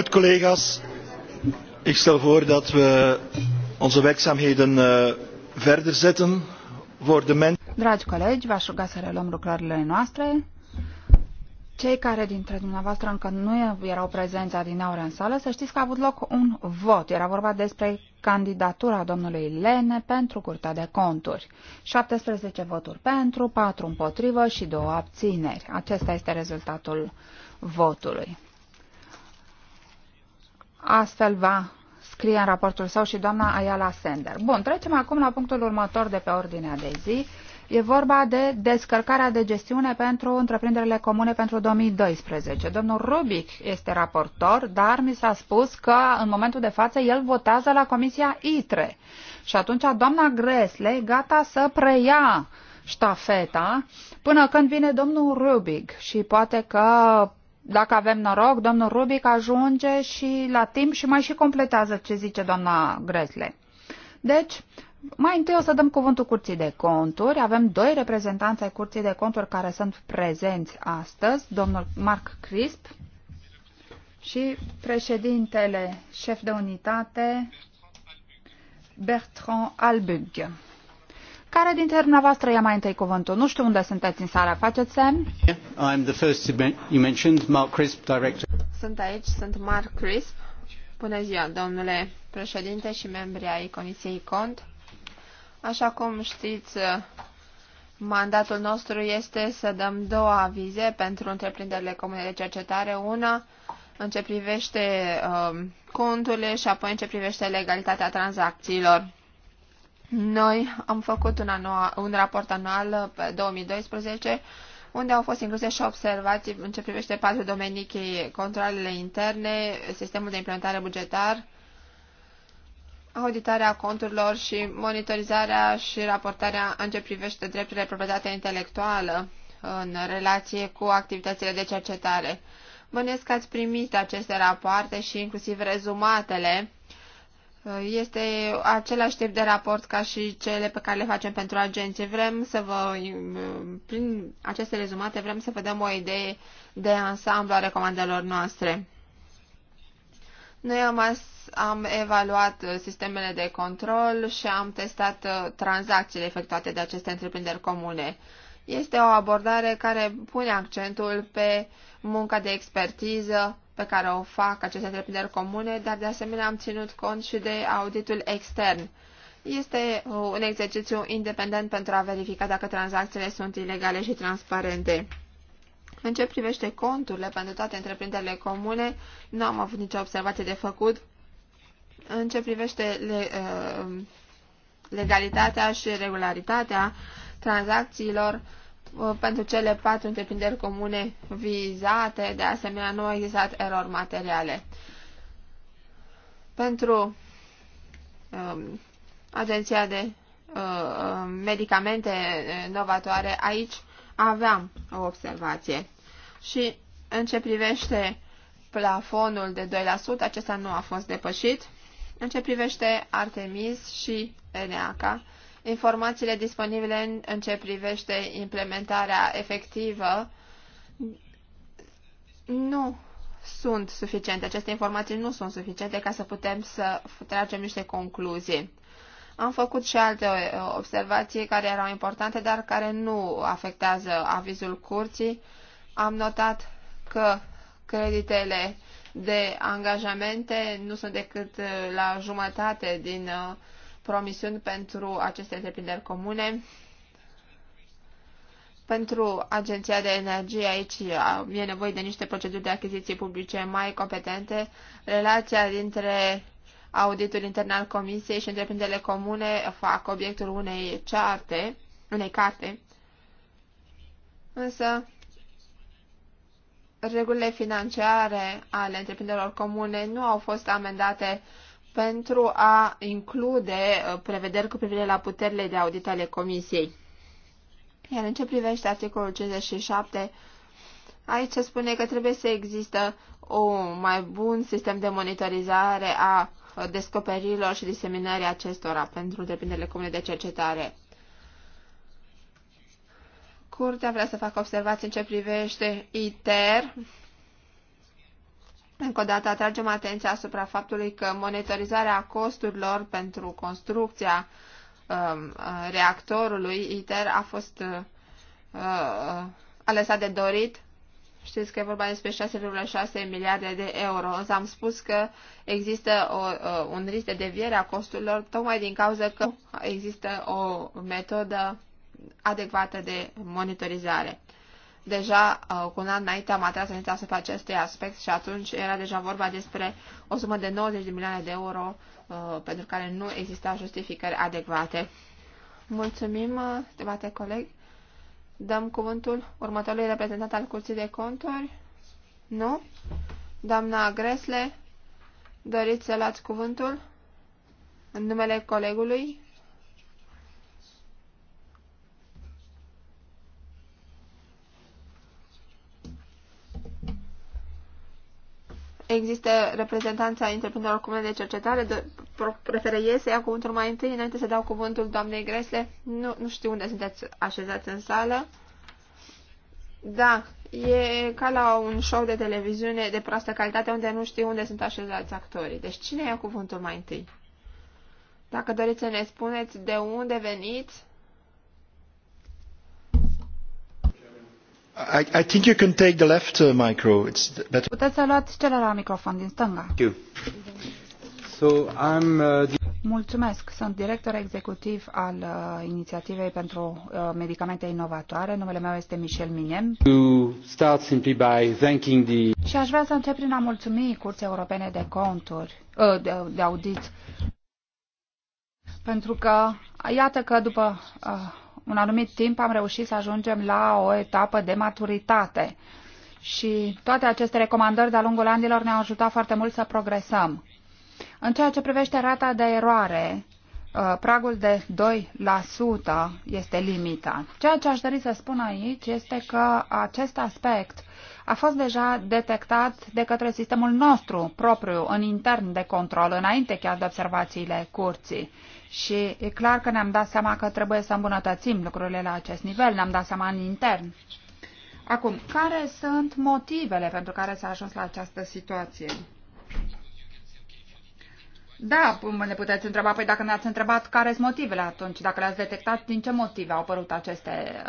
Goed, collega's. Ik stel voor dat we onze werkzaamheden uh, verder zetten voor de mensen. Dragi colegi, v-aș ruga să reluăm lucrările noastre. Cei care dintre dumneavoastră încă nu erau prezenți adineauri în sală, să știți că a avut loc un vot. Era vorba despre candidatura domnului Lene pentru Curtea de Conturi. 17 voturi pentru, 4 împotrivă și 2 abțineri. Acesta este rezultatul votului. Astfel va scrie în raportul său și doamna Ayala Sender. Bun, trecem acum la punctul următor de pe ordinea de zi. E vorba de descărcarea de gestiune pentru întreprinderile comune pentru 2012. Domnul Rubic este raportor, dar mi s-a spus că în momentul de față el votează la Comisia ITRE. Și atunci doamna Gresley gata să preia ștafeta până când vine domnul Rubic și poate că dacă avem noroc, domnul Rubic ajunge și la timp și mai și completează ce zice doamna Gresle. Deci, mai întâi o să dăm cuvântul Curții de Conturi. Avem doi reprezentanți ai Curții de Conturi care sunt prezenți astăzi, domnul Marc Crisp și președintele șef de unitate Bertrand Albug. Care dintre dumneavoastră ia mai întâi cuvântul? Nu știu unde sunteți în sală. Faceți semn? Mark Crisp, director. Sunt aici, sunt Mark Crisp. Bună ziua, domnule președinte și membri ai Comisiei Cont. Așa cum știți, mandatul nostru este să dăm două avize pentru întreprinderile comune de cercetare. Una în ce privește uh, conturile și apoi în ce privește legalitatea tranzacțiilor. Noi am făcut un, anual, un raport anual pe 2012 unde au fost incluse și observații în ce privește patru domenii cheie, controlele interne, sistemul de implementare bugetar, auditarea conturilor și monitorizarea și raportarea în ce privește drepturile proprietate intelectuală în relație cu activitățile de cercetare. Bănesc că ați primit aceste rapoarte și inclusiv rezumatele este același tip de raport ca și cele pe care le facem pentru agenții. Vrem să vă, prin aceste rezumate, vrem să vă dăm o idee de ansamblu a recomandărilor noastre. Noi am, as, am evaluat sistemele de control și am testat uh, tranzacțiile efectuate de aceste întreprinderi comune. Este o abordare care pune accentul pe munca de expertiză, pe care o fac aceste întreprinderi comune, dar de asemenea am ținut cont și de auditul extern. Este uh, un exercițiu independent pentru a verifica dacă tranzacțiile sunt ilegale și transparente. În ce privește conturile pentru toate întreprinderile comune, nu am avut nicio observație de făcut. În ce privește le, uh, legalitatea și regularitatea tranzacțiilor, Uh, pentru cele patru întreprinderi comune vizate, de asemenea, nu au existat erori materiale. Pentru um, Agenția de uh, uh Medicamente Novatoare, aici aveam o observație. Și în ce privește plafonul de 2%, acesta nu a fost depășit. În ce privește Artemis și Eneaca, informațiile disponibile în, în ce privește implementarea efectivă nu sunt suficiente. Aceste informații nu sunt suficiente ca să putem să tragem niște concluzii. Am făcut și alte uh, observații care erau importante, dar care nu afectează avizul curții. Am notat că creditele de angajamente nu sunt decât uh, la jumătate din uh, promisiuni pentru aceste întreprinderi comune. Pentru Agenția de Energie aici e nevoie de niște proceduri de achiziții publice mai competente. Relația dintre auditul intern al Comisiei și întreprinderile comune fac obiectul unei carte, unei carte. Însă, regulile financiare ale întreprinderilor comune nu au fost amendate pentru a include uh, prevederi cu privire la puterile de audit ale Comisiei. Iar în ce privește articolul 57, aici se spune că trebuie să există un mai bun sistem de monitorizare a uh, descoperirilor și diseminării acestora pentru întreprinderile comune de cercetare. Curtea vrea să facă observații în ce privește ITER încă o dată atragem atenția asupra faptului că monitorizarea costurilor pentru construcția um, reactorului ITER a fost uh, uh a lăsat de dorit. Știți că e vorba despre 6,6 miliarde de euro, însă am spus că există o, uh, un risc de deviere a costurilor tocmai din cauza că există o metodă adecvată de monitorizare. Deja uh, cu un an înainte am atras atenția asupra acestui aspect și atunci era deja vorba despre o sumă de 90 de milioane de euro uh, pentru care nu exista justificări adecvate. Mulțumim, uh, stimate coleg. Dăm cuvântul următorului reprezentant al Curții de Conturi. Nu? Doamna Gresle, doriți să luați cuvântul? În numele colegului? existe reprezentanța întreprinderilor comune de cercetare, de, preferă ei să ia cuvântul mai întâi, înainte să dau cuvântul doamnei Gresle. Nu, nu știu unde sunteți așezați în sală. Da, e ca la un show de televiziune de proastă calitate unde nu știu unde sunt așezați actorii. Deci cine ia cuvântul mai întâi? Dacă doriți să ne spuneți de unde veniți, I, think you can take the left uh, micro. It's better. Puteți să luați celălalt microfon din stânga. Thank you. So I'm, uh, Mulțumesc. Sunt director executiv al uh, inițiativei pentru uh, medicamente inovatoare. Numele meu este Michel Minem. To start simply by thanking the... Și aș vrea să încep prin a mulțumi Curții Europene de Conturi, uh, de, de audit, pentru că, iată că după uh, un anumit timp am reușit să ajungem la o etapă de maturitate. Și toate aceste recomandări de-a lungul anilor ne-au ajutat foarte mult să progresăm. În ceea ce privește rata de eroare, uh, pragul de 2% este limita. Ceea ce aș dori să spun aici este că acest aspect a fost deja detectat de către sistemul nostru propriu în intern de control, înainte chiar de observațiile curții. Și e clar că ne-am dat seama că trebuie să îmbunătățim lucrurile la acest nivel, ne-am dat seama în intern. Acum, care sunt motivele pentru care s-a ajuns la această situație? Da, ne puteți întreba, păi dacă ne-ați întrebat care sunt motivele atunci, dacă le-ați detectat, din ce motive au apărut aceste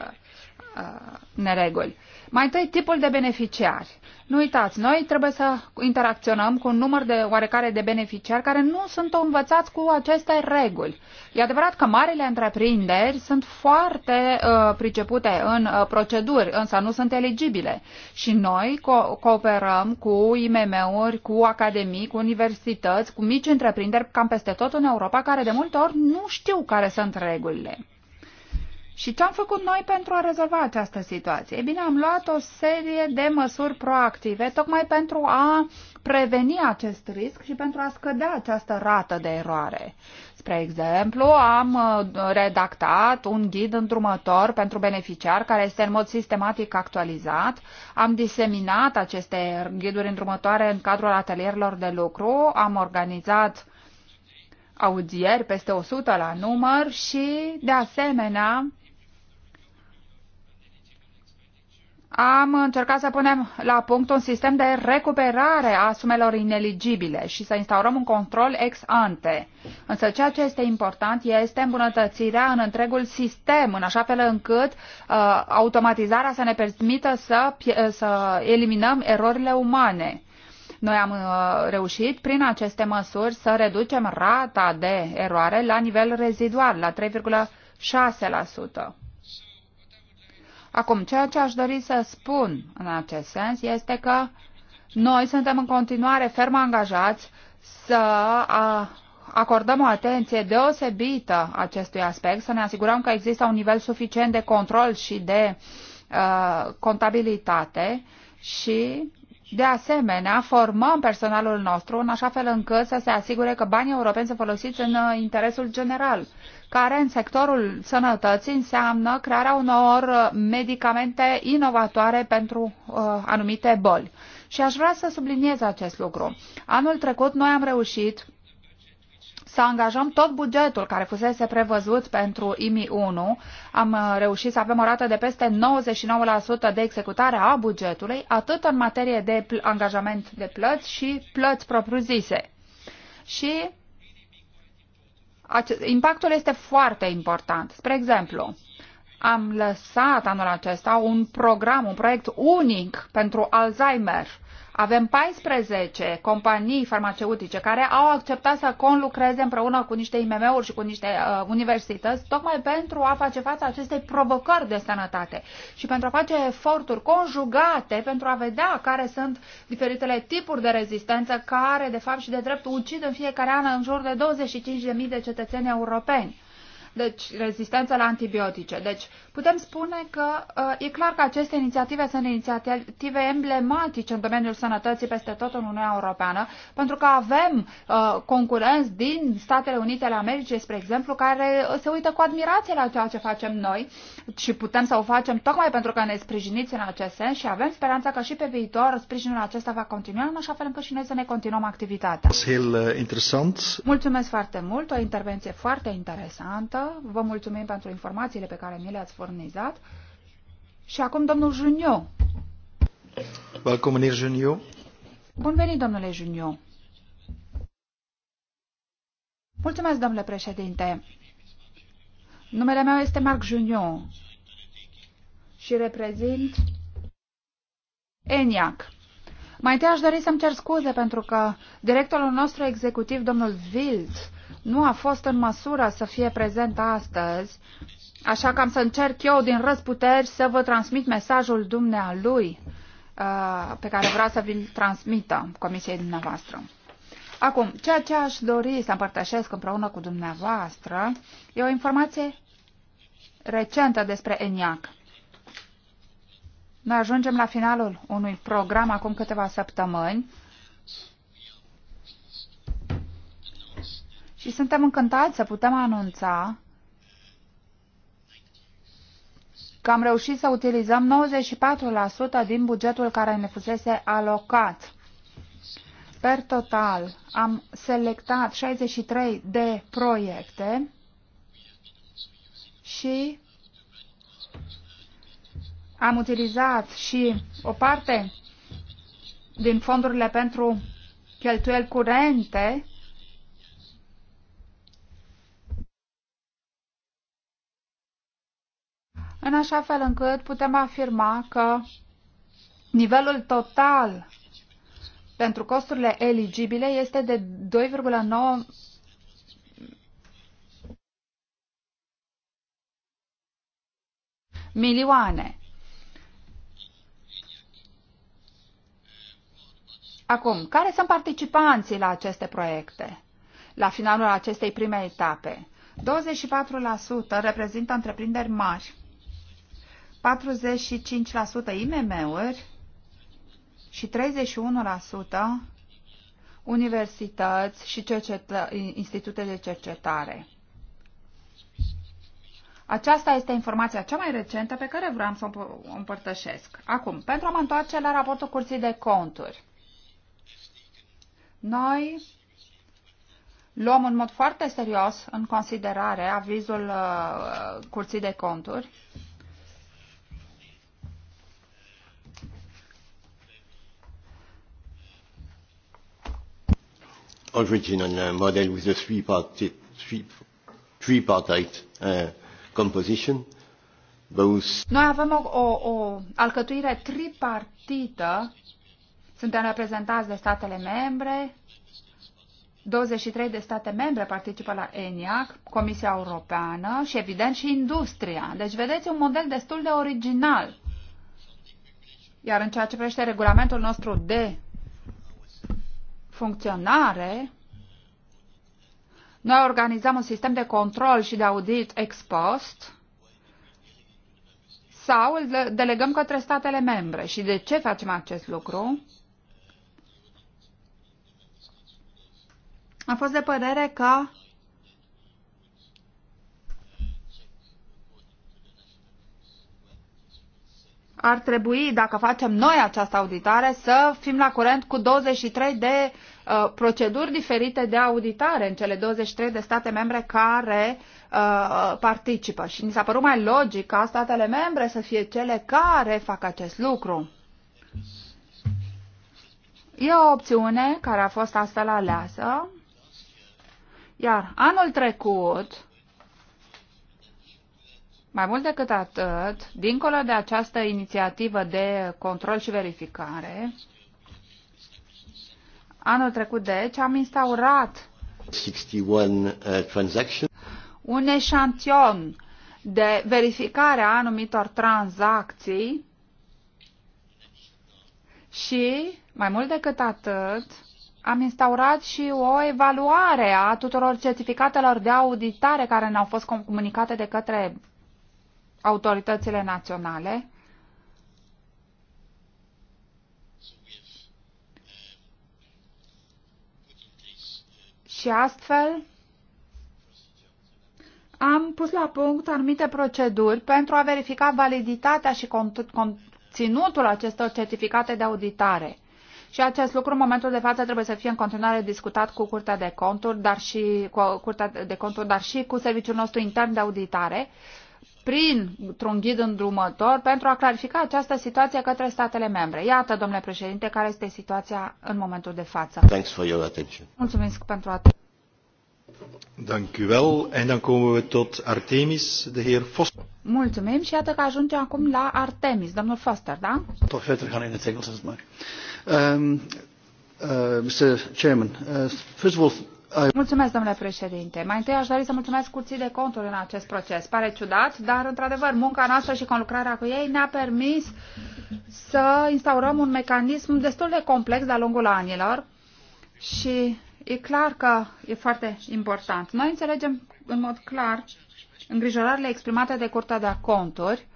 Uh, nereguli. Mai întâi, tipul de beneficiari. Nu uitați, noi trebuie să interacționăm cu un număr de oarecare de beneficiari care nu sunt învățați cu aceste reguli. E adevărat că marile întreprinderi sunt foarte uh, pricepute în uh, proceduri, însă nu sunt eligibile. Și noi co- cooperăm cu IMM-uri, cu academii, cu universități, cu mici întreprinderi cam peste tot în Europa, care de multe ori nu știu care sunt regulile. Și ce am făcut noi pentru a rezolva această situație? Ei bine, am luat o serie de măsuri proactive, tocmai pentru a preveni acest risc și pentru a scădea această rată de eroare. Spre exemplu, am uh, redactat un ghid îndrumător pentru beneficiar care este în mod sistematic actualizat. Am diseminat aceste ghiduri îndrumătoare în cadrul atelierilor de lucru, am organizat audieri, peste 100 la număr și, de asemenea, am încercat să punem la punct un sistem de recuperare a sumelor ineligibile și să instaurăm un control ex ante. Însă ceea ce este important este îmbunătățirea în întregul sistem, în așa fel încât uh, automatizarea să ne permită să, uh, să eliminăm erorile umane. Noi am uh, reușit prin aceste măsuri să reducem rata de eroare la nivel rezidual, la 3,6%. Acum, ceea ce aș dori să spun în acest sens este că noi suntem în continuare ferm angajați să acordăm o atenție deosebită acestui aspect, să ne asigurăm că există un nivel suficient de control și de uh, contabilitate și de asemenea, formăm personalul nostru în așa fel încât să se asigure că banii europeni sunt folosiți în uh, interesul general, care în sectorul sănătății înseamnă crearea unor uh, medicamente inovatoare pentru uh, anumite boli. Și aș vrea să subliniez acest lucru. Anul trecut noi am reușit să angajăm tot bugetul care fusese prevăzut pentru IMI 1. Am uh, reușit să avem o rată de peste 99% de executare a bugetului, atât în materie de angajament de plăți și plăți propriu-zise. Și impactul este foarte important. Spre exemplu, am lăsat anul acesta un program, un proiect unic pentru Alzheimer avem 14 companii farmaceutice care au acceptat să conlucreze împreună cu niște IMM-uri și cu niște uh, universități, tocmai pentru a face față acestei provocări de sănătate și pentru a face eforturi conjugate pentru a vedea care sunt diferitele tipuri de rezistență care, de fapt și de drept, ucid în fiecare an în jur de 25.000 de cetățeni europeni deci rezistență la antibiotice. Deci putem spune că uh, e clar că aceste inițiative sunt inițiative emblematice în domeniul sănătății peste tot în Uniunea Europeană, pentru că avem uh, concurenți din Statele Unite ale Americii, spre exemplu, care uh, se uită cu admirație la ceea ce facem noi și putem să o facem tocmai pentru că ne sprijiniți în acest sens și avem speranța că și pe viitor sprijinul acesta va continua în așa fel încât și noi să ne continuăm activitatea. Mulțumesc foarte mult, o intervenție foarte interesantă. Vă mulțumim pentru informațiile pe care ni le-ați furnizat. Și acum domnul Junio. Welcome, Junio. Bun venit, domnule Junio. Mulțumesc, domnule președinte. Numele meu este Marc Junio și reprezint ENIAC. Mai întâi aș dori să-mi cer scuze pentru că directorul nostru executiv, domnul Wild, nu a fost în măsură să fie prezent astăzi Așa că am să încerc eu din răzputeri să vă transmit mesajul dumnealui uh, pe care vreau să vi-l transmită comisiei dumneavoastră. Acum, ceea ce aș dori să împărtășesc împreună cu dumneavoastră e o informație recentă despre ENIAC. Noi ajungem la finalul unui program acum câteva săptămâni și suntem încântați să putem anunța că am reușit să utilizăm 94% din bugetul care ne fusese alocat. Per total, am selectat 63 de proiecte și am utilizat și o parte din fondurile pentru cheltuieli curente așa fel încât putem afirma că nivelul total pentru costurile eligibile este de 2,9 milioane. Acum, care sunt participanții la aceste proiecte? La finalul acestei prime etape, 24% reprezintă întreprinderi mari, 45% IMM-uri și 31% universități și institute de cercetare. Aceasta este informația cea mai recentă pe care vreau să o împărtășesc. Acum, pentru a mă întoarce la raportul Curții de Conturi. Noi luăm în mod foarte serios în considerare avizul uh, Curții de Conturi original uh, model with a three partite three, three uh, composition. Both Noi avem o, o, o alcătuire tripartită. Suntem reprezentați de statele membre. 23 de state membre participă la ENIAC, Comisia Europeană și, evident, și industria. Deci, vedeți, un model destul de original. Iar în ceea ce privește regulamentul nostru de funcționare, noi organizăm un sistem de control și de audit ex post sau îl delegăm către statele membre. Și de ce facem acest lucru? Am fost de părere că ar trebui, dacă facem noi această auditare, să fim la curent cu 23 de Uh, proceduri diferite de auditare în cele 23 de state membre care uh, uh participă. Și mi s-a părut mai logic ca statele membre să fie cele care fac acest lucru. E o opțiune care a fost astfel aleasă, iar anul trecut, mai mult decât atât, dincolo de această inițiativă de control și verificare, Anul trecut, deci, am instaurat 61, uh, un eșantion de verificare a anumitor tranzacții și, mai mult decât atât, am instaurat și o evaluare a tuturor certificatelor de auditare care ne-au fost comunicate de către autoritățile naționale Și astfel am pus la punct anumite proceduri pentru a verifica validitatea și conținutul acestor certificate de auditare. Și acest lucru, în momentul de față, trebuie să fie în continuare discutat cu Curtea de Conturi, dar și cu, Curtea de Conturi, dar și cu Serviciul nostru intern de auditare prin un ghid îndrumător pentru a clarifica această situație către statele membre. Iată, domnule președinte, care este situația în momentul de față. Thanks for your attention. Mulțumesc pentru atenție. Dank u wel. En dan komen we tot Artemis, de heer Foster. Mulțumim și iată că ajungem acum la Artemis, domnul Foster, da? Toch verder gaan in het Engels, als het maar. Um, uh, Mr. Chairman, uh, first of all, Mulțumesc, domnule președinte. Mai întâi aș dori să mulțumesc curții de conturi în acest proces. Pare ciudat, dar, într-adevăr, munca noastră și conlucrarea cu ei ne-a permis să instaurăm un mecanism destul de complex de-a lungul anilor și e clar că e foarte important. Noi înțelegem în mod clar îngrijorările exprimate de Curtea de Conturi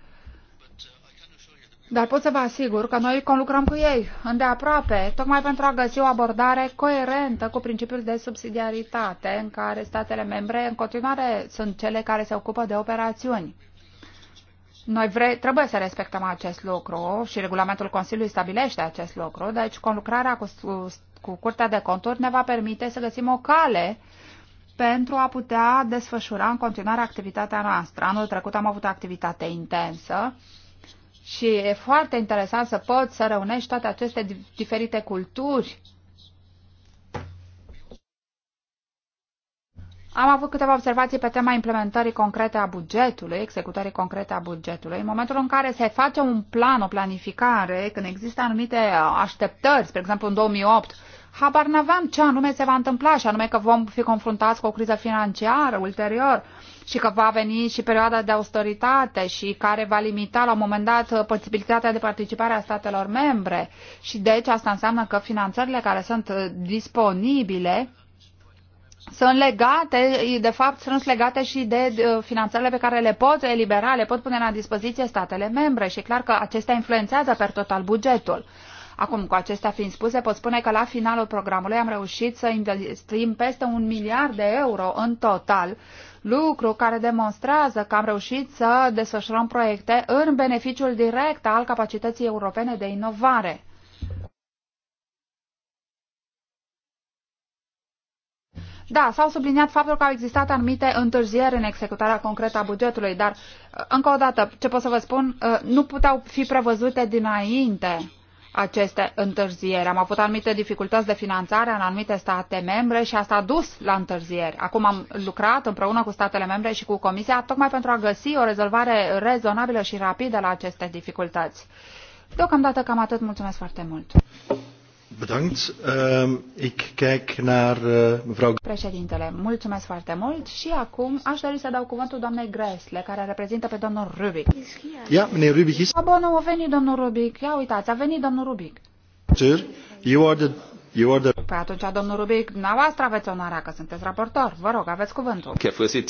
dar pot să vă asigur că noi conlucrăm cu ei îndeaproape, tocmai pentru a găsi o abordare coerentă cu principiul de subsidiaritate, în care statele membre în continuare sunt cele care se ocupă de operațiuni. Noi vre, trebuie să respectăm acest lucru și regulamentul Consiliului stabilește acest lucru, deci conlucrarea cu, cu Curtea de Conturi ne va permite să găsim o cale pentru a putea desfășura în continuare activitatea noastră. Anul trecut am avut activitate intensă și e foarte interesant să poți să reunești toate aceste diferite culturi. Am avut câteva observații pe tema implementării concrete a bugetului, executării concrete a bugetului. În momentul în care se face un plan, o planificare, când există anumite așteptări, spre exemplu în 2008, habar n-aveam ce anume se va întâmpla și anume că vom fi confruntați cu o criză financiară ulterior și că va veni și perioada de austeritate și care va limita la un moment dat posibilitatea de participare a statelor membre. Și deci asta înseamnă că finanțările care sunt disponibile sunt legate, de fapt, sunt legate și de finanțările pe care le pot elibera, le pot pune la dispoziție statele membre și e clar că acestea influențează per total bugetul. Acum, cu acestea fiind spuse, pot spune că la finalul programului am reușit să investim peste un miliard de euro în total, lucru care demonstrează că am reușit să desfășurăm proiecte în beneficiul direct al capacității europene de inovare. Da, s-au subliniat faptul că au existat anumite întârzieri în executarea concretă a bugetului, dar, încă o dată, ce pot să vă spun, uh, nu puteau fi prevăzute dinainte aceste întârzieri. Am avut anumite dificultăți de finanțare în anumite state membre și asta a dus la întârzieri. Acum am lucrat împreună cu statele membre și cu Comisia tocmai pentru a găsi o rezolvare rezonabilă și rapidă la aceste dificultăți. Deocamdată cam atât. Mulțumesc foarte mult! Bedankt. Uh, ik kijk naar uh, mevrouw... Președintele, mulțumesc foarte mult și acum aș dori să dau cuvântul doamnei Gresle, care reprezintă pe domnul Rubic. Ia, meneer Rubic is... Abonă, a venit domnul Rubic. Ia uitați, a venit domnul Rubic. Sir, you are the Păi atunci, domnul Rubic, dumneavoastră aveți onoarea că sunteți raportor. Vă rog, aveți cuvântul. Äh,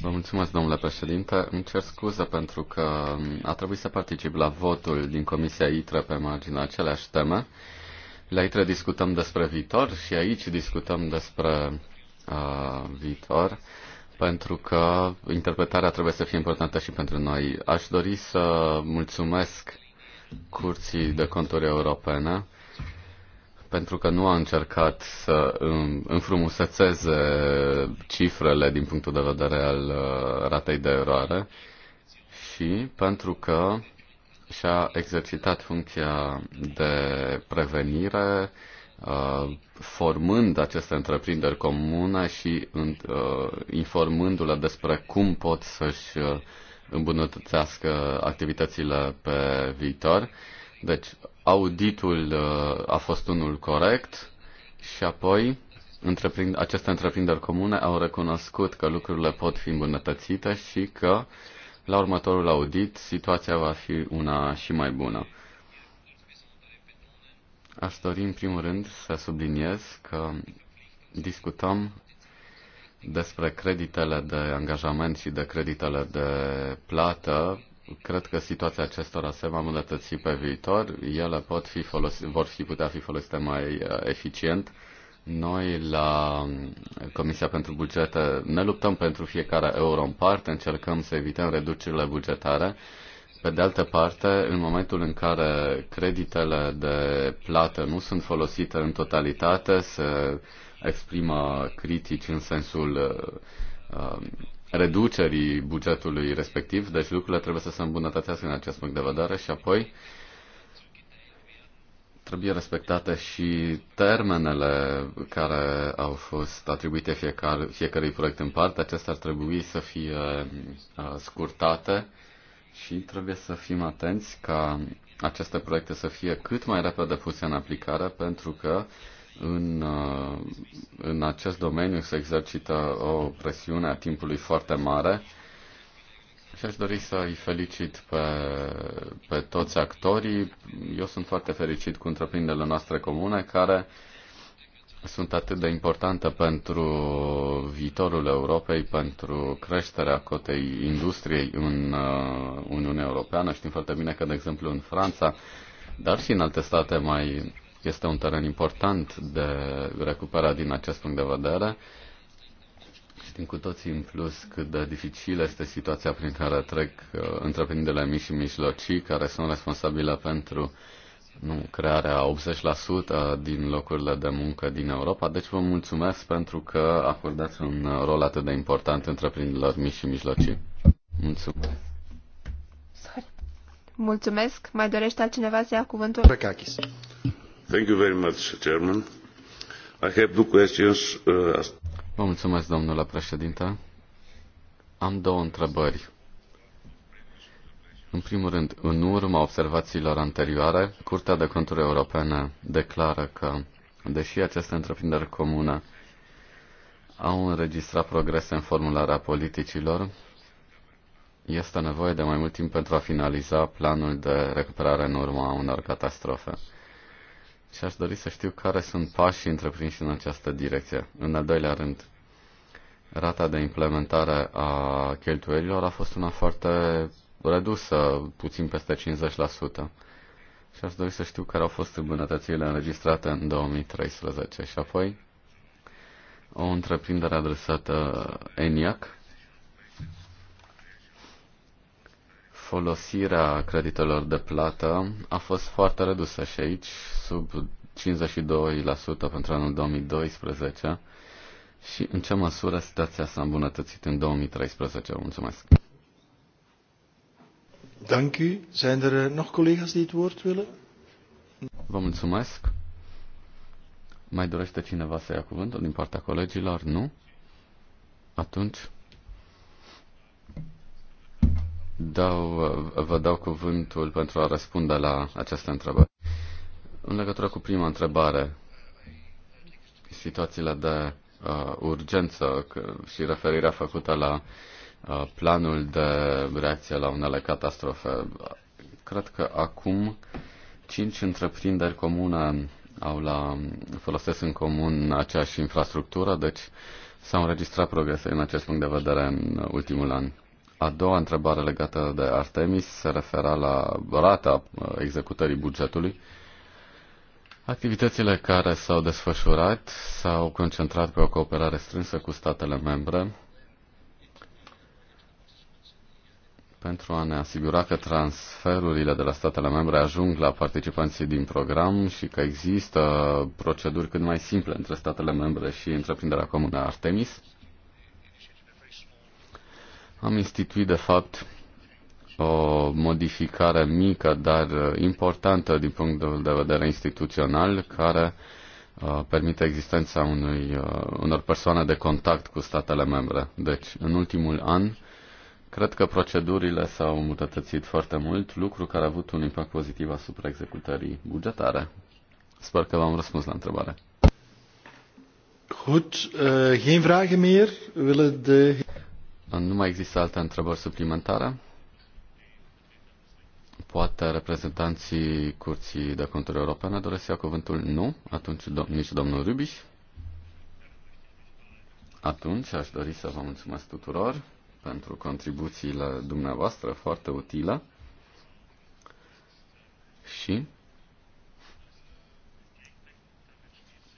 Vă mulțumesc, domnule președinte. Îmi cer scuze pentru că a trebuit să particip la votul din Comisia ITRE pe marginea aceleași teme. La ITRE discutăm despre viitor și aici discutăm despre uh, viitor pentru că interpretarea trebuie să fie importantă și pentru noi. Aș dori să mulțumesc Curții de Conturi Europene pentru că nu a încercat să înfrumusețeze cifrele din punctul de vedere al uh, ratei de eroare și pentru că și-a exercitat funcția de prevenire uh, formând aceste întreprinderi comune și uh, informându-le despre cum pot să-și îmbunătățească activitățile pe viitor. Deci, auditul uh, a fost unul corect și apoi întreprind, aceste întreprinderi comune au recunoscut că lucrurile pot fi îmbunătățite și că la următorul audit situația va fi una și mai bună. Aș dori în primul rând să subliniez că discutăm despre creditele de angajament și de creditele de plată, cred că situația acestora se va îmbunătăți pe viitor. Ele pot fi folos- vor fi putea fi folosite mai uh, eficient. Noi la Comisia pentru Bugete ne luptăm pentru fiecare euro în parte, încercăm să evităm reducerile bugetare. Pe de altă parte, în momentul în care creditele de plată nu sunt folosite în totalitate, se exprimă critici în sensul uh, um, reducerii bugetului respectiv, deci lucrurile trebuie să se îmbunătățească în acest punct de vedere și apoi trebuie respectate și termenele care au fost atribuite fiecare, fiecărui proiect în parte. Acestea ar trebui să fie uh, scurtate și trebuie să fim atenți ca aceste proiecte să fie cât mai repede puse în aplicare pentru că uh, în, uh, în acest domeniu se exercită o presiune a timpului foarte mare și aș dori să îi felicit pe, pe toți actorii. Eu sunt foarte fericit cu întreprinderile noastre comune care sunt atât de importante pentru viitorul Europei, pentru creșterea cotei industriei în uh, Uniunea Europeană. Știm foarte bine că, de exemplu, în Franța, dar și în alte state mai este un teren important de recuperat din acest punct de vedere. Știm cu toții în plus cât de dificilă este situația prin care trec uh, întreprinderile mici și mijlocii, care sunt responsabile pentru nu, crearea 80% din locurile de muncă din Europa. Deci vă mulțumesc pentru că acordați un rol atât de important întreprinderilor mici și mijlocii. Mulțumesc. Sorry. Mulțumesc. Mai dorește altcineva să ia cuvântul? Vă mulțumesc, domnule președinte. Am două întrebări. În primul rând, în urma observațiilor anterioare, Curtea de Conturi Europene declară că, deși aceste întreprinderi comune au înregistrat progrese în formularea politicilor, este nevoie de mai mult timp pentru a finaliza planul de recuperare în urma unor catastrofe și aș dori să știu care sunt pașii întreprinși în această direcție. În al doilea rând, rata de implementare a cheltuielilor a fost una foarte redusă, puțin peste 50%. Și aș dori să știu care au fost îmbunătățirile înregistrate în 2013. Și apoi, o întreprindere adresată ENIAC, folosirea creditelor de plată a fost foarte redusă și aici, sub 52% pentru anul 2012. Și în ce măsură situația s-a îmbunătățit în 2013? Mulțumesc. Dank u. Zijn er eh, nog collega's die het woord willen? Vă mulțumesc. Mai dorește cineva să ia cuvântul din partea colegilor? Nu? Atunci dau, vă dau cuvântul pentru a răspunde la această întrebare În legătură cu prima întrebare, situațiile de uh, urgență și referirea făcută la uh, planul de reacție la unele catastrofe, cred că acum cinci întreprinderi comune au la, folosesc în comun aceeași infrastructură, deci s-au înregistrat progrese în acest punct de vedere în ultimul an. A doua întrebare legată de Artemis se refera la rata uh, executării bugetului. Activitățile care s-au desfășurat s-au concentrat pe o cooperare strânsă cu statele membre pentru a ne asigura că transferurile de la statele membre ajung la participanții din program și că există proceduri cât mai simple între statele membre și întreprinderea comună Artemis. Am instituit, de fapt, o modificare mică, dar importantă din punctul de vedere instituțional, care uh, permite existența unui, uh, unor persoane de contact cu statele membre. Deci, în ultimul an, cred că procedurile s-au îmbunătățit foarte mult, lucru care a avut un impact pozitiv asupra executării bugetare. Sper că v-am răspuns la întrebare. Goed, uh, geen vragen meer. Willen de... Nu mai există alte întrebări suplimentare? Poate reprezentanții Curții de Conturi Europene doresc să ia cuvântul? Nu. Atunci do- nici domnul Rubiș. Atunci aș dori să vă mulțumesc tuturor pentru contribuțiile dumneavoastră foarte utile și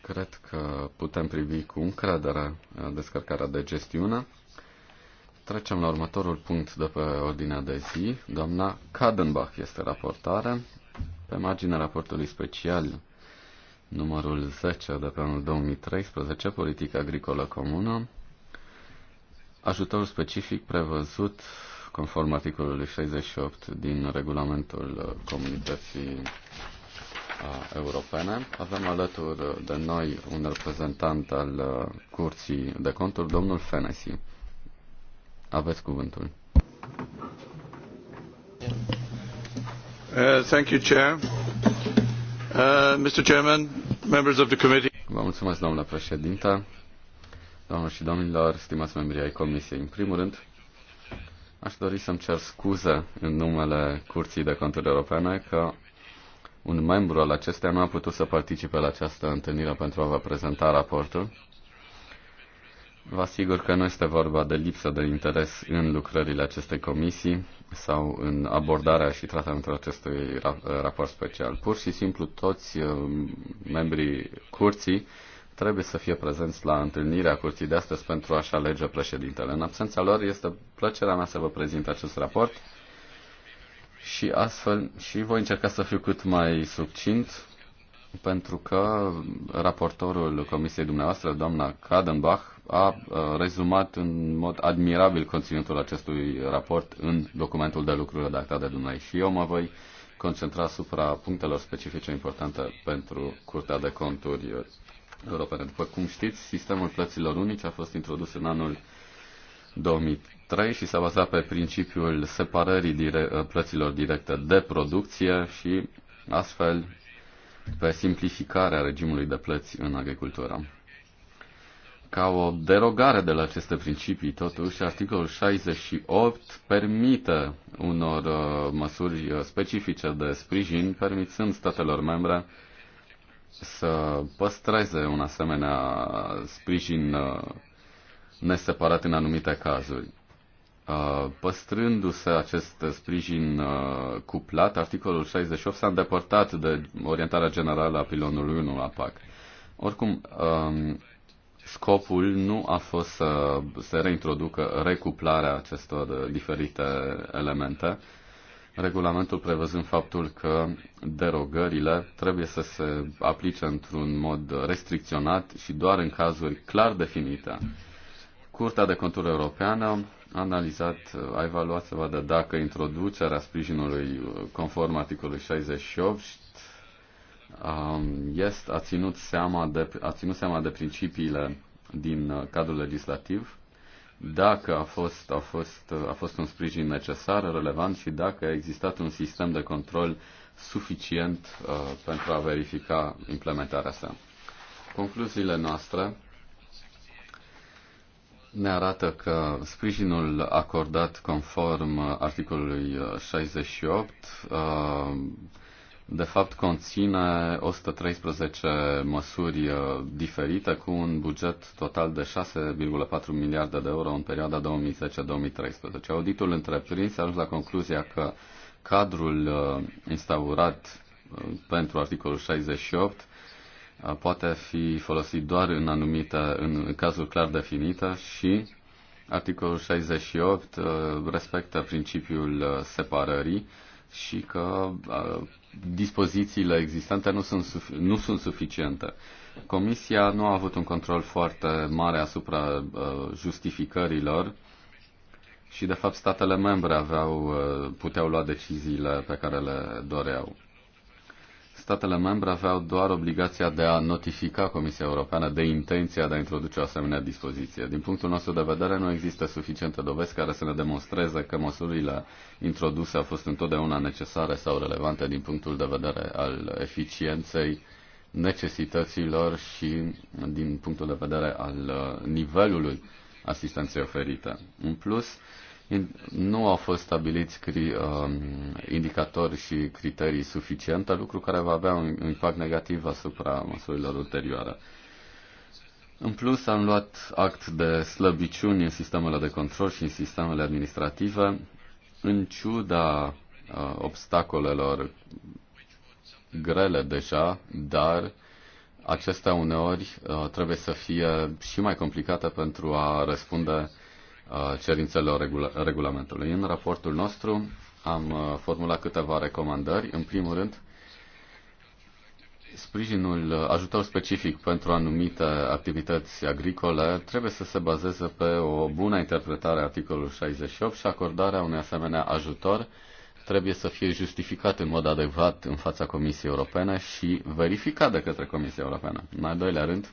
cred că putem privi cu încredere uh, descărcarea de gestiune Trecem la următorul punct de pe ordinea de zi. Doamna Kadenbach este raportare. Pe marginea raportului special numărul 10 de pe anul 2013, Politica Agricolă Comună, ajutorul specific prevăzut conform articolului 68 din regulamentul comunității europene. Avem alături de noi un reprezentant al uh, Curții de Conturi, domnul Fenesi. Aveți cuvântul. Uh, thank you, Chair. Uh, Mr. Chairman, members of the committee. Vă mulțumesc, doamna președintă. Doamnelor și domnilor, stimați membri ai Comisiei, în primul rând, aș dori să-mi cer scuze în numele Curții de Conturi Europene că un membru al acesteia nu a putut să participe la această întâlnire pentru a vă prezenta raportul. Vă asigur că nu este vorba de lipsă de interes în lucrările acestei comisii sau în abordarea și tratamentul acestui raport special. Pur și simplu toți uh, membrii curții trebuie să fie prezenți la întâlnirea curții de astăzi pentru a-și alege președintele. În absența lor este plăcerea mea să vă prezint acest raport și astfel și voi încerca să fiu cât mai succint pentru că raportorul comisiei dumneavoastră, doamna Kadenbach, a rezumat în mod admirabil conținutul acestui raport în documentul de lucru redactat de Dunai. și eu mă voi concentra asupra punctelor specifice importante pentru Curtea de Conturi Europene. După cum știți, sistemul plăților unice a fost introdus în anul 2003 și s-a bazat pe principiul separării dire- plăților directe de producție și astfel pe simplificarea regimului de plăți în agricultură ca o derogare de la aceste principii, totuși, articolul 68 permite unor uh, măsuri uh, specifice de sprijin, permițând statelor membre să păstreze un asemenea sprijin uh, neseparat în anumite cazuri. Păstrându-se acest sprijin cuplat, articolul 68 s-a îndepărtat de orientarea generală a pilonului 1 a PAC. Oricum, um, Scopul nu a fost să se reintroducă recuplarea acestor uh, diferite elemente, regulamentul prevăzând faptul că derogările trebuie să se aplice într-un mod restricționat și doar în cazuri clar definite. Curtea de Conturi Europeană a analizat, a evaluat să vadă dacă introducerea sprijinului uh, conform articolului 68 Um, este, a, ținut seama de, a ținut seama de principiile din uh, cadrul legislativ, dacă a fost, a, fost, uh, a fost un sprijin necesar, relevant și dacă a existat un sistem de control suficient uh, pentru a verifica implementarea sa. Concluziile noastre ne arată că sprijinul acordat conform uh, articolului 68 uh, de fapt conține 113 măsuri uh, diferite cu un buget total de 6,4 miliarde de euro în perioada 2010-2013. Auditul întreprins a ajuns la concluzia că cadrul uh, instaurat uh, pentru articolul 68 poate fi folosit doar în anumite, în cazuri clar definite și articolul 68 respectă principiul separării și că dispozițiile existente nu sunt, nu sunt suficiente. Comisia nu a avut un control foarte mare asupra justificărilor și, de fapt, statele membre aveau, puteau lua deciziile pe care le doreau statele membre aveau doar obligația de a notifica Comisia Europeană de intenția de a introduce o asemenea dispoziție. Din punctul nostru de vedere, nu există suficiente dovezi care să ne demonstreze că măsurile introduse au fost întotdeauna necesare sau relevante din punctul de vedere al eficienței, necesităților și din punctul de vedere al nivelului asistenței oferite. În plus, nu au fost stabiliți cri, uh, indicatori și criterii suficiente, lucru care va avea un impact negativ asupra măsurilor ulterioare. În plus, am luat act de slăbiciuni în sistemele de control și în sistemele administrative, în ciuda uh, obstacolelor grele deja, dar acestea uneori uh, trebuie să fie și mai complicate pentru a răspunde uh, Uh, cerințelor regula- regulamentului. În raportul nostru am uh, formulat câteva recomandări. În primul rând, sprijinul, uh, ajutor specific pentru anumite activități agricole trebuie să se bazeze pe o bună interpretare a articolului 68 și acordarea unui asemenea ajutor trebuie să fie justificat în mod adecvat în fața Comisiei Europene și verificat de către Comisia Europeană. În al doilea rând,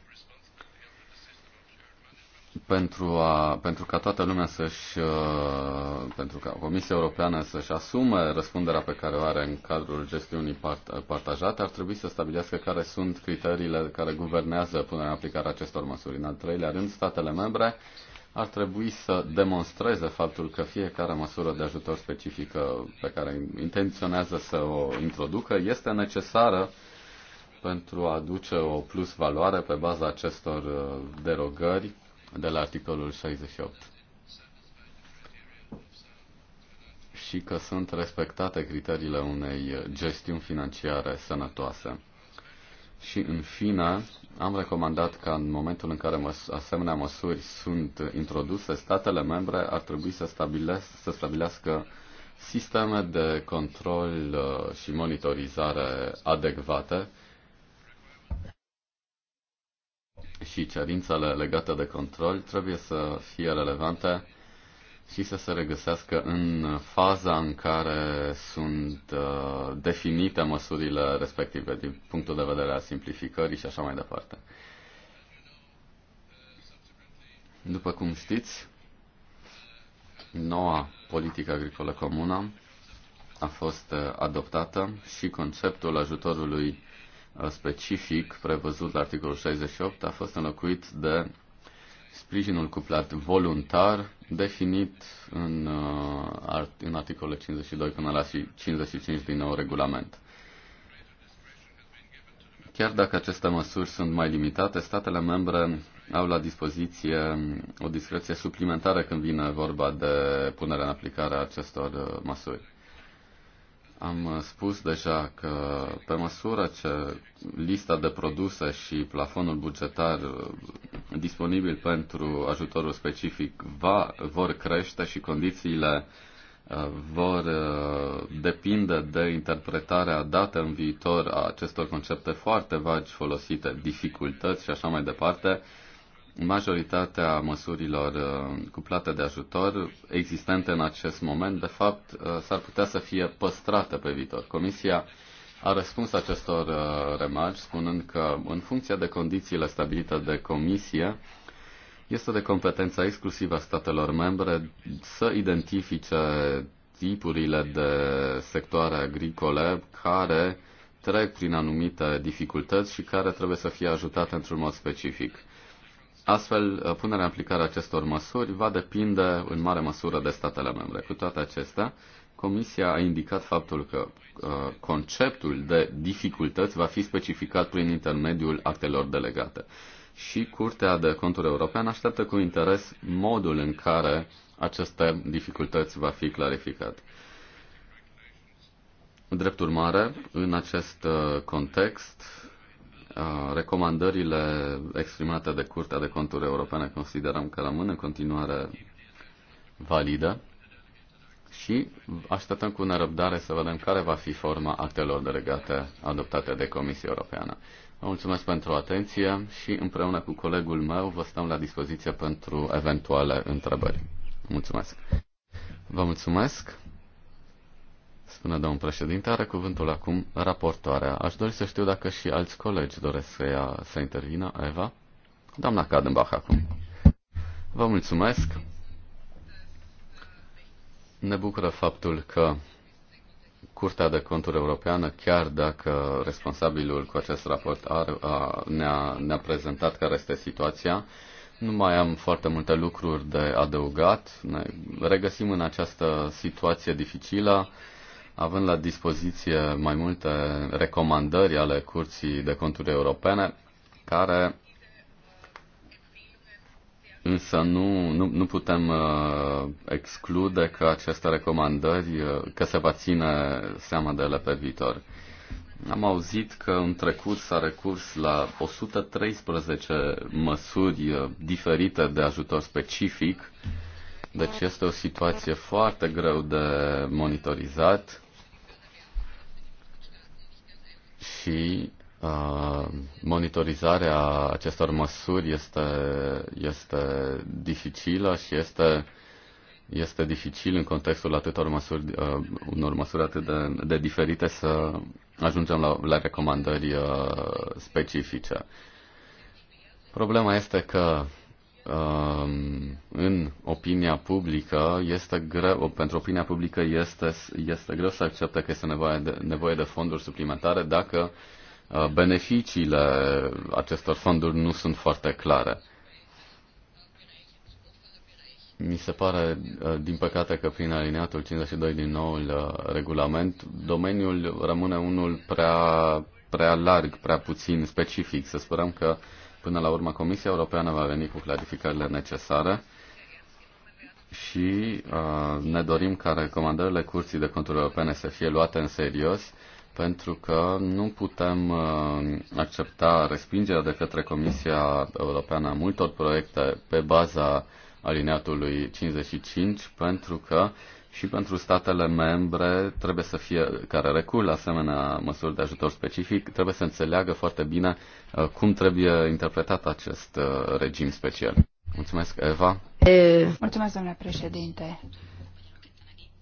pentru, a, pentru ca toată lumea să-și, uh, pentru ca Comisia Europeană să-și asume răspunderea pe care o are în cadrul gestiunii part, partajate, ar trebui să stabilească care sunt criteriile care guvernează punerea în aplicare acestor măsuri. În al treilea rând, statele membre ar trebui să demonstreze faptul că fiecare măsură de ajutor specifică pe care intenționează să o introducă este necesară pentru a aduce o plus valoare pe baza acestor uh, derogări de la articolul 68 și că sunt respectate criteriile unei gestiuni financiare sănătoase. Și în fine, am recomandat că în momentul în care măs- asemenea măsuri sunt introduse, statele membre ar trebui să, stabilească, să stabilească sisteme de control uh, și monitorizare adecvate și cerințele legate de control trebuie să fie relevante și să se regăsească în faza în care sunt uh, definite măsurile respective din punctul de vedere al simplificării și așa mai departe. După cum știți, noua politică agricolă comună a fost uh, adoptată și conceptul ajutorului specific prevăzut la articolul 68 a fost înlocuit de sprijinul cuplat voluntar definit în, uh, în articolele 52 până la 55 din nou regulament. Chiar dacă aceste măsuri sunt mai limitate, statele membre au la dispoziție o discreție suplimentară când vine vorba de punerea în aplicare a acestor uh, măsuri. Am uh, spus deja că pe măsură ce lista de produse și plafonul bugetar uh, disponibil pentru ajutorul specific va, vor crește și condițiile uh, vor depinde de interpretarea dată în viitor a acestor concepte foarte vagi folosite, dificultăți și așa mai departe, majoritatea măsurilor uh, cuplate de ajutor existente în acest moment, de fapt, uh, s-ar putea să fie păstrate pe viitor. Comisia a răspuns acestor uh, remarci spunând că, în funcție de condițiile stabilite de Comisie, este de competența exclusivă a statelor membre să identifice tipurile de sectoare agricole care trec prin anumite dificultăți și care trebuie să fie ajutate într-un mod specific. Astfel, uh, punerea în aplicare acestor măsuri va depinde în mare măsură de statele membre. Cu toate acestea, Comisia a indicat faptul că uh, conceptul de dificultăți va fi specificat prin intermediul actelor delegate. Și Curtea de Conturi Europeană așteaptă cu interes modul în care aceste dificultăți va fi clarificat. Drept urmare, în acest uh, context, Uh, recomandările exprimate de Curtea de Conturi Europene considerăm că rămân în continuare validă și așteptăm cu nerăbdare să vedem care va fi forma actelor delegate adoptate de Comisia Europeană. Vă mulțumesc pentru atenție și împreună cu colegul meu vă stăm la dispoziție pentru eventuale întrebări. Mulțumesc! Vă mulțumesc! Spune domnul președinte, are cuvântul acum raportoarea. Aș dori să știu dacă și alți colegi doresc să, ia, să intervină. Eva? Doamna Cadenbach acum. Vă mulțumesc. Ne bucură faptul că Curtea de Conturi Europeană, chiar dacă responsabilul cu acest raport a, ne-a, ne-a prezentat care este situația, nu mai am foarte multe lucruri de adăugat. Ne regăsim în această situație dificilă având la dispoziție mai multe recomandări ale Curții de Conturi Europene, care însă nu, nu, nu putem uh, exclude că aceste recomandări, uh, că se va ține seama de ele pe viitor. Am auzit că în trecut s-a recurs la 113 măsuri uh, diferite de ajutor specific, deci este o situație foarte greu de monitorizat și uh, monitorizarea acestor măsuri este, este dificilă și este, este dificil în contextul atâtor măsuri, uh, unor măsuri atât de, de diferite să ajungem la, la recomandări uh, specifice. Problema este că Um, în opinia publică este greu, pentru opinia publică este, este greu să accepte că este nevoie de, nevoie de fonduri suplimentare dacă uh, beneficiile acestor fonduri nu sunt foarte clare. Mi se pare, uh, din păcate, că prin alineatul 52 din noul uh, regulament, domeniul rămâne unul prea, prea larg, prea puțin specific. Să sperăm că uh, Până la urmă, Comisia Europeană va veni cu clarificările necesare și uh, ne dorim ca recomandările Curții de Conturi Europene să fie luate în serios, pentru că nu putem uh, accepta respingerea de către Comisia Europeană a multor proiecte pe baza alineatului 55, pentru că și pentru statele membre trebuie să fie, care recul, la asemenea măsuri de ajutor specific, trebuie să înțeleagă foarte bine uh, cum trebuie interpretat acest uh, regim special. Mulțumesc, Eva. Mulțumesc, domnule președinte.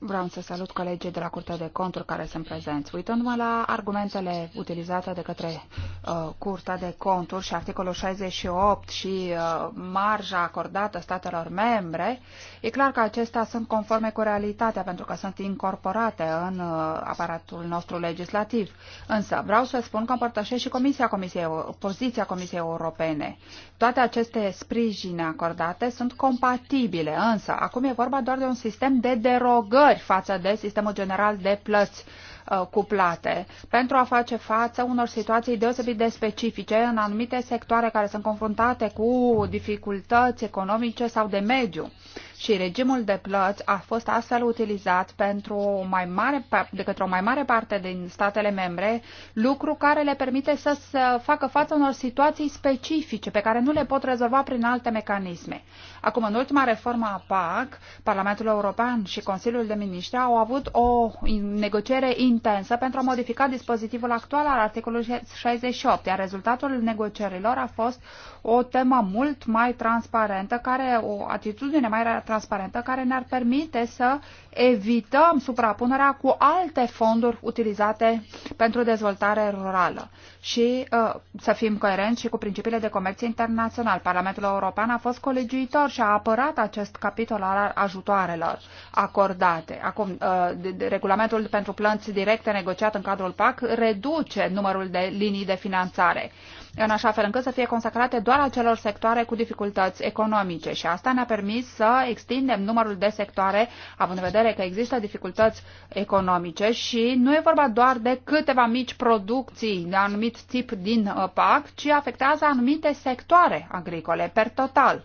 Vreau să salut colegii de la Curtea de Conturi care sunt prezenți. Uitându-mă la argumentele utilizate de către uh, Curtea de Conturi și articolul 68 și uh, marja acordată statelor membre, e clar că acestea sunt conforme cu realitatea pentru că sunt incorporate în uh, aparatul nostru legislativ. Însă vreau să spun că împărtășesc și Comisia Comisiei, poziția Comisiei Europene. Toate aceste sprijine acordate sunt compatibile, însă acum e vorba doar de un sistem de derogări schimbări față de sistemul general de plăți uh, cuplate pentru a face față unor situații deosebit de specifice în anumite sectoare care sunt confruntate cu dificultăți economice sau de mediu și regimul de plăți a fost astfel utilizat pentru o mai mare, de către o mai mare parte din statele membre, lucru care le permite să, se facă față unor situații specifice pe care nu le pot rezolva prin alte mecanisme. Acum, în ultima reformă a PAC, Parlamentul European și Consiliul de Ministri au avut o negociere intensă pentru a modifica dispozitivul actual al articolului 68, iar rezultatul negocierilor a fost o temă mult mai transparentă, care o atitudine mai transparentă transparentă care ne-ar permite să evităm suprapunerea cu alte fonduri utilizate pentru dezvoltare rurală și uh, să fim coerenți și cu principiile de comerț internațional. Parlamentul European a fost colegiuitor și a apărat acest capitol al ajutoarelor acordate. Acum, uh, regulamentul pentru plăți directe negociat în cadrul PAC reduce numărul de linii de finanțare în așa fel încât să fie consacrate doar acelor sectoare cu dificultăți economice și asta ne-a permis să extindem numărul de sectoare, având în vedere că există dificultăți economice și nu e vorba doar de câteva mici producții de anumit tip din uh, PAC, ci afectează anumite sectoare agricole per total.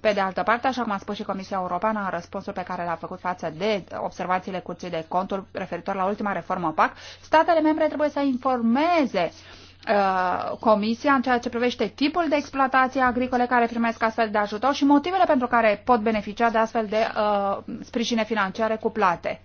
Pe de altă parte, așa cum a spus și Comisia Europeană în răspunsul pe care l-a făcut față de observațiile Curții de Conturi referitor la ultima reformă PAC, statele membre trebuie să informeze Uh, comisia în ceea ce privește tipul de exploatații agricole care primesc astfel de ajutor și motivele pentru care pot beneficia de astfel de uh, sprijine financiare cuplate.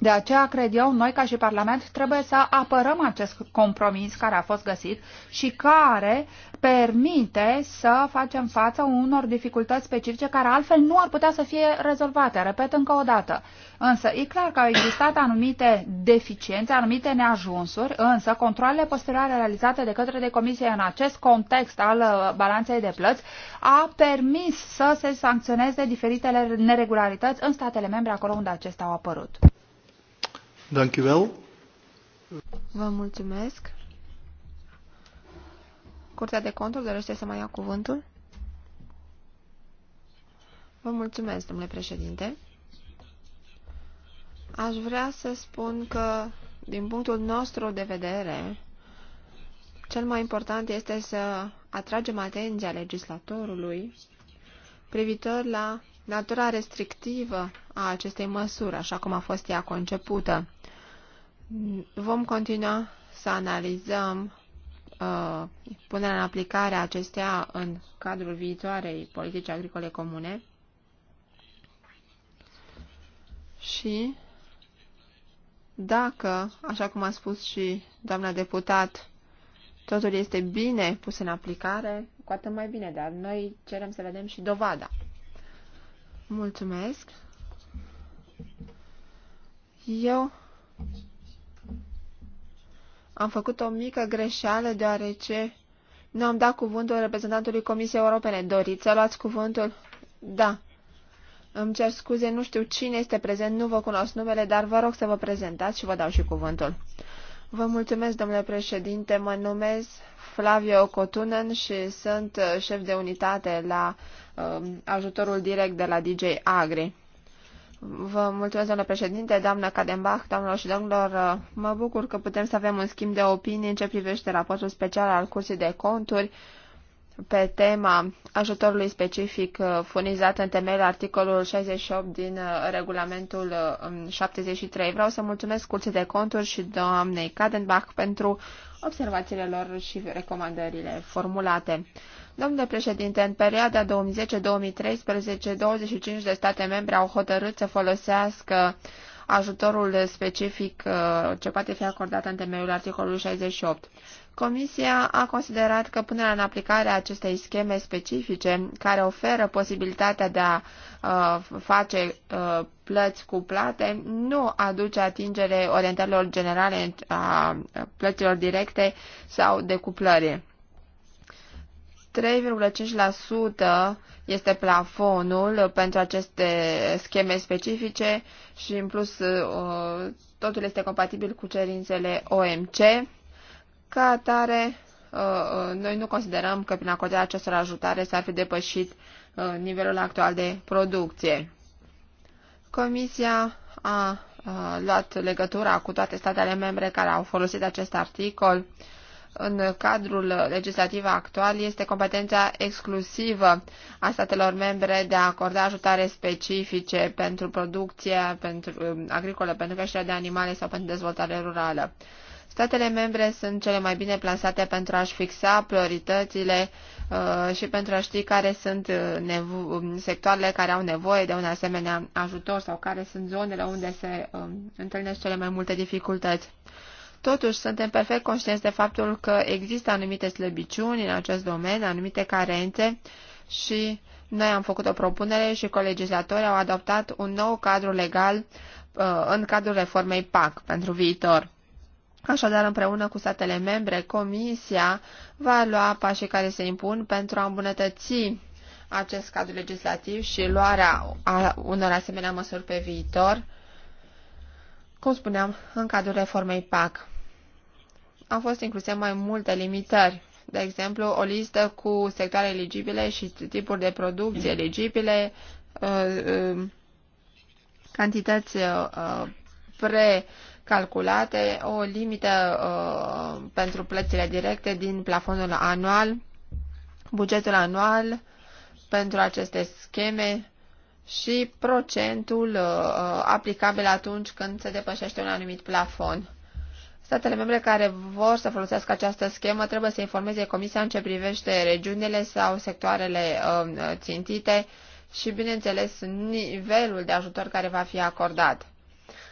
De aceea cred eu, noi ca și Parlament trebuie să apărăm acest compromis care a fost găsit și care permite să facem față unor dificultăți specifice care altfel nu ar putea să fie rezolvate. Repet încă o dată. Însă e clar că au existat anumite deficiențe, anumite neajunsuri, însă controlele posterioare realizate de către de comisie în acest context al uh, balanței de plăți a permis să se sancționeze diferitele neregularități în statele membre acolo unde acestea au apărut. Dank u wel. Vă mulțumesc. Curtea de conturi dorește să mai ia cuvântul? Vă mulțumesc, domnule președinte. Aș vrea să spun că, din punctul nostru de vedere, cel mai important este să atragem atenția legislatorului privitor la natura restrictivă a acestei măsuri, așa cum a fost ea concepută. Vom continua să analizăm uh, punerea în aplicare a acestea în cadrul viitoarei politici agricole comune și dacă, așa cum a spus și doamna deputat, totul este bine pus în aplicare, cu atât mai bine, dar noi cerem să vedem și dovada. Mulțumesc. Eu am făcut o mică greșeală deoarece nu am dat cuvântul reprezentantului Comisiei Europene. Doriți să luați cuvântul? Da. Îmi cer scuze, nu știu cine este prezent, nu vă cunosc numele, dar vă rog să vă prezentați și vă dau și cuvântul. Vă mulțumesc, domnule președinte. Mă numesc Flavio Cotunen și sunt șef de unitate la uh, ajutorul direct de la DJ Agri. Vă mulțumesc, doamnă președinte, doamnă Cadenbach, doamnelor și domnilor. Uh, mă bucur că putem să avem un schimb de opinii în ce privește raportul special al Curții de Conturi pe tema ajutorului specific uh, furnizat în temeiul articolul 68 din uh, regulamentul 73. Um, Vreau să mulțumesc Curții de Conturi și doamnei Cadenbach pentru observațiile lor și recomandările formulate. Domnule președinte, în perioada 2010-2013, 25 de state membre au hotărât să folosească ajutorul specific uh, ce poate fi acordat în temeiul articolului 68. Comisia a considerat că punerea în aplicare a acestei scheme specifice, care oferă posibilitatea de a uh, face uh, plăți plăți cuplate, nu aduce atingere orientărilor generale a plăților directe sau cuplări. 3,5% este plafonul pentru aceste scheme specifice și în plus uh, totul este compatibil cu cerințele OMC. Ca atare, uh, uh, noi nu considerăm că prin acordarea acestor ajutare s-ar fi depășit nivelul actual de producție. Comisia a luat legătura cu toate statele membre care au folosit acest articol în cadrul legislativ actual este competența exclusivă a statelor membre de a acorda ajutare specifice pentru producția pentru, um, agricolă, pentru creșterea de animale sau pentru dezvoltare rurală. Statele membre sunt cele mai bine plasate pentru a-și fixa prioritățile uh, și pentru a ști care sunt uh, um, sectoarele care au nevoie de un asemenea ajutor sau care sunt zonele unde se uh, întâlnesc cele mai multe dificultăți. Totuși, suntem perfect conștienți de faptul că există anumite slăbiciuni în acest domeniu, anumite carențe și noi am făcut o propunere și colegislatorii au adoptat un nou cadru legal uh, în cadrul reformei PAC pentru viitor. Așadar, împreună cu statele membre, Comisia va lua pașii care se impun pentru a îmbunătăți acest cadru legislativ și luarea unor asemenea măsuri pe viitor cum spuneam, în cadrul reformei PAC au fost incluse mai multe limitări, de exemplu, o listă cu sectoare eligibile și tipuri de producție eligibile, uh, uh, cantități uh, precalculate, o limită pentru plățile directe din plafonul anual, bugetul anual pentru aceste scheme, și procentul uh, uh, aplicabil atunci când se depășește un anumit plafon. Statele membre care vor să folosească această schemă trebuie să informeze Comisia în ce privește regiunile sau sectoarele um, țintite și, bineînțeles, nivelul de ajutor care va fi acordat.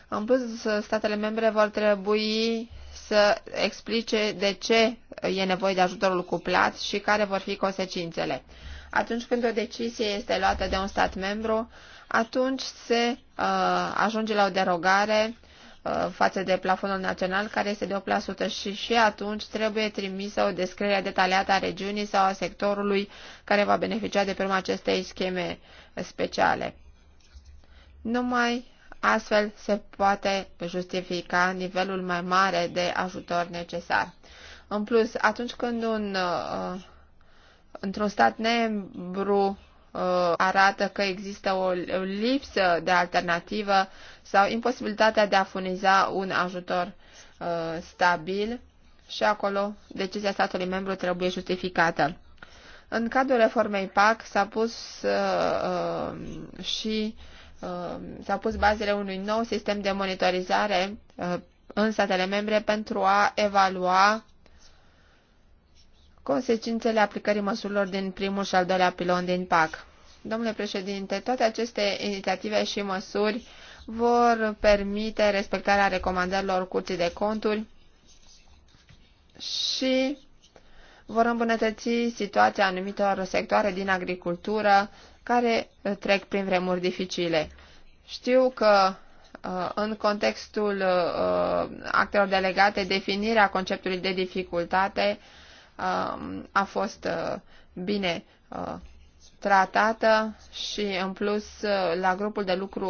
În plus, statele membre vor trebui să explice de ce e nevoie de ajutorul cuplat și care vor fi consecințele atunci când o decizie este luată de un stat membru, atunci se uh, ajunge la o derogare uh, față de plafonul național, care este de 8% și și atunci trebuie trimisă o descriere detaliată a regiunii sau a sectorului care va beneficia de prima acestei scheme speciale. Numai Astfel se poate justifica nivelul mai mare de ajutor necesar. În plus, atunci când un uh, într-un stat membru uh, arată că există o lipsă de alternativă sau imposibilitatea de a furniza un ajutor uh, stabil și acolo decizia statului membru trebuie justificată. În cadrul reformei PAC s-a pus uh, și s a pus bazele unui nou sistem de monitorizare în statele membre pentru a evalua consecințele aplicării măsurilor din primul și al doilea pilon din PAC. Domnule președinte, toate aceste inițiative și măsuri vor permite respectarea recomandărilor curții de conturi și vor îmbunătăți situația anumitor sectoare din agricultură care trec prin vremuri dificile. Știu că uh, în contextul uh, actelor delegate, definirea conceptului de dificultate Um, a fost uh, bine uh, tratată și în plus uh, la grupul de lucru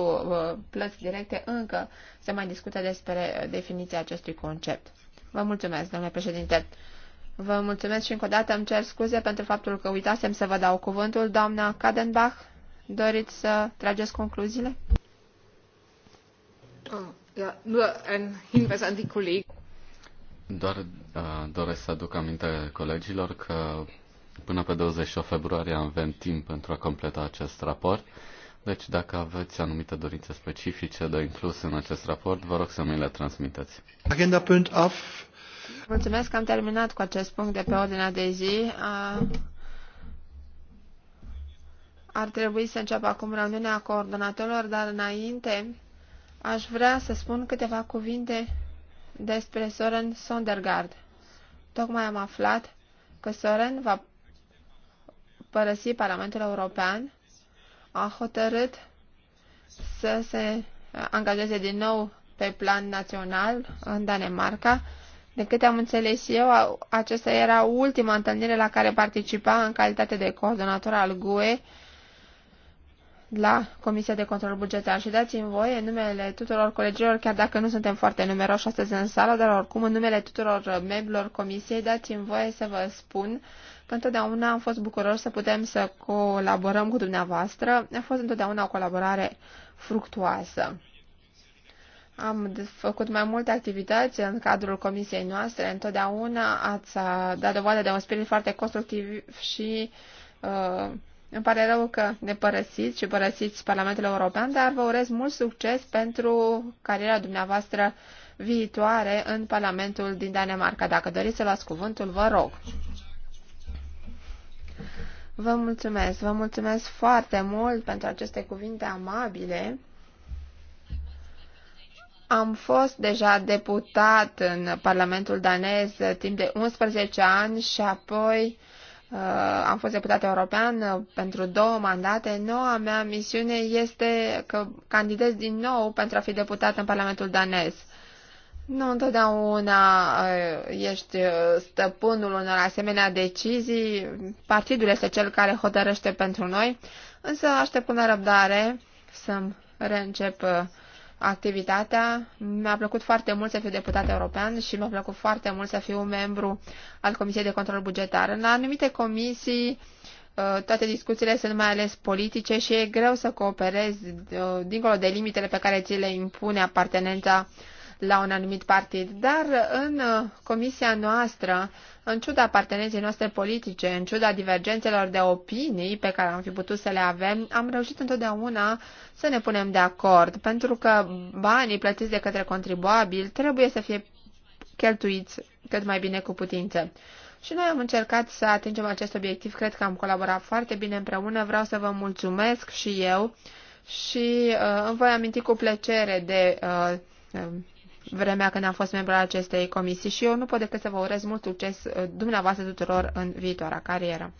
plăți directe încă se mai discută despre definiția acestui concept. Vă mulțumesc, domnule președinte. Vă mulțumesc și încă o dată îmi cer scuze pentru faptul că uitasem să vă dau cuvântul. Doamna Kadenbach, doriți să trageți concluziile? Oh, ja, nur ein Hinweis an die Kollegen. Doar uh, doresc să aduc aminte colegilor că până pe 28 februarie avem timp pentru a completa acest raport. Deci dacă aveți anumite dorințe specifice de inclus în acest raport, vă rog să mi le transmiteți. Agenda punct af. Mulțumesc că am terminat cu acest punct de pe ordinea de zi. Uh, ar trebui să înceapă acum reuniunea coordonatorilor, dar înainte aș vrea să spun câteva cuvinte despre Soren Sondergaard. Tocmai am aflat că Soren va părăsi Parlamentul European, a hotărât să se angajeze din nou pe plan național în Danemarca. De câte am înțeles eu, acesta era ultima întâlnire la care participa în calitate de coordonator al GUE la Comisia de Control Bugetar și dați-mi voie în numele tuturor colegilor, chiar dacă nu suntem foarte numeroși astăzi în sală, dar oricum în numele tuturor membrilor Comisiei, dați-mi voie să vă spun că întotdeauna am fost bucuroși să putem să colaborăm cu dumneavoastră. A fost întotdeauna o colaborare fructuoasă. Am făcut mai multe activități în cadrul comisiei noastre. Întotdeauna ați dat dovadă de un spirit foarte constructiv și uh, îmi pare rău că ne părăsiți și părăsiți Parlamentul European, dar vă urez mult succes pentru cariera dumneavoastră viitoare în Parlamentul din Danemarca. Dacă doriți să luați cuvântul, vă rog. Vă mulțumesc, vă mulțumesc foarte mult pentru aceste cuvinte amabile. Am fost deja deputat în Parlamentul danez timp de 11 ani și apoi Uh, am fost deputat european uh, pentru două mandate. Noua mea misiune este că candidez din nou pentru a fi deputat în Parlamentul danez. Nu întotdeauna uh, ești stăpânul unor asemenea decizii. Partidul este cel care hotărăște pentru noi, însă aștept cu nerăbdare să-mi reîncep activitatea. Mi-a plăcut foarte mult să fiu deputat european și mi-a plăcut foarte mult să fiu membru al Comisiei de Control Bugetar. În anumite comisii uh, toate discuțiile sunt mai ales politice și e greu să cooperezi uh, dincolo de limitele pe care ți le impune apartenența la un anumit partid, dar în uh, comisia noastră, în ciuda partenerii noastre politice, în ciuda divergențelor de opinii pe care am fi putut să le avem, am reușit întotdeauna să ne punem de acord, pentru că banii plătiți de către contribuabil trebuie să fie cheltuiți cât mai bine cu putință. Și noi am încercat să atingem acest obiectiv, cred că am colaborat foarte bine împreună, vreau să vă mulțumesc și eu și uh, îmi voi aminti cu plăcere de uh, uh vremea când am fost membru al acestei comisii și eu nu pot decât să vă urez mult succes eh, dumneavoastră tuturor în viitoarea carieră.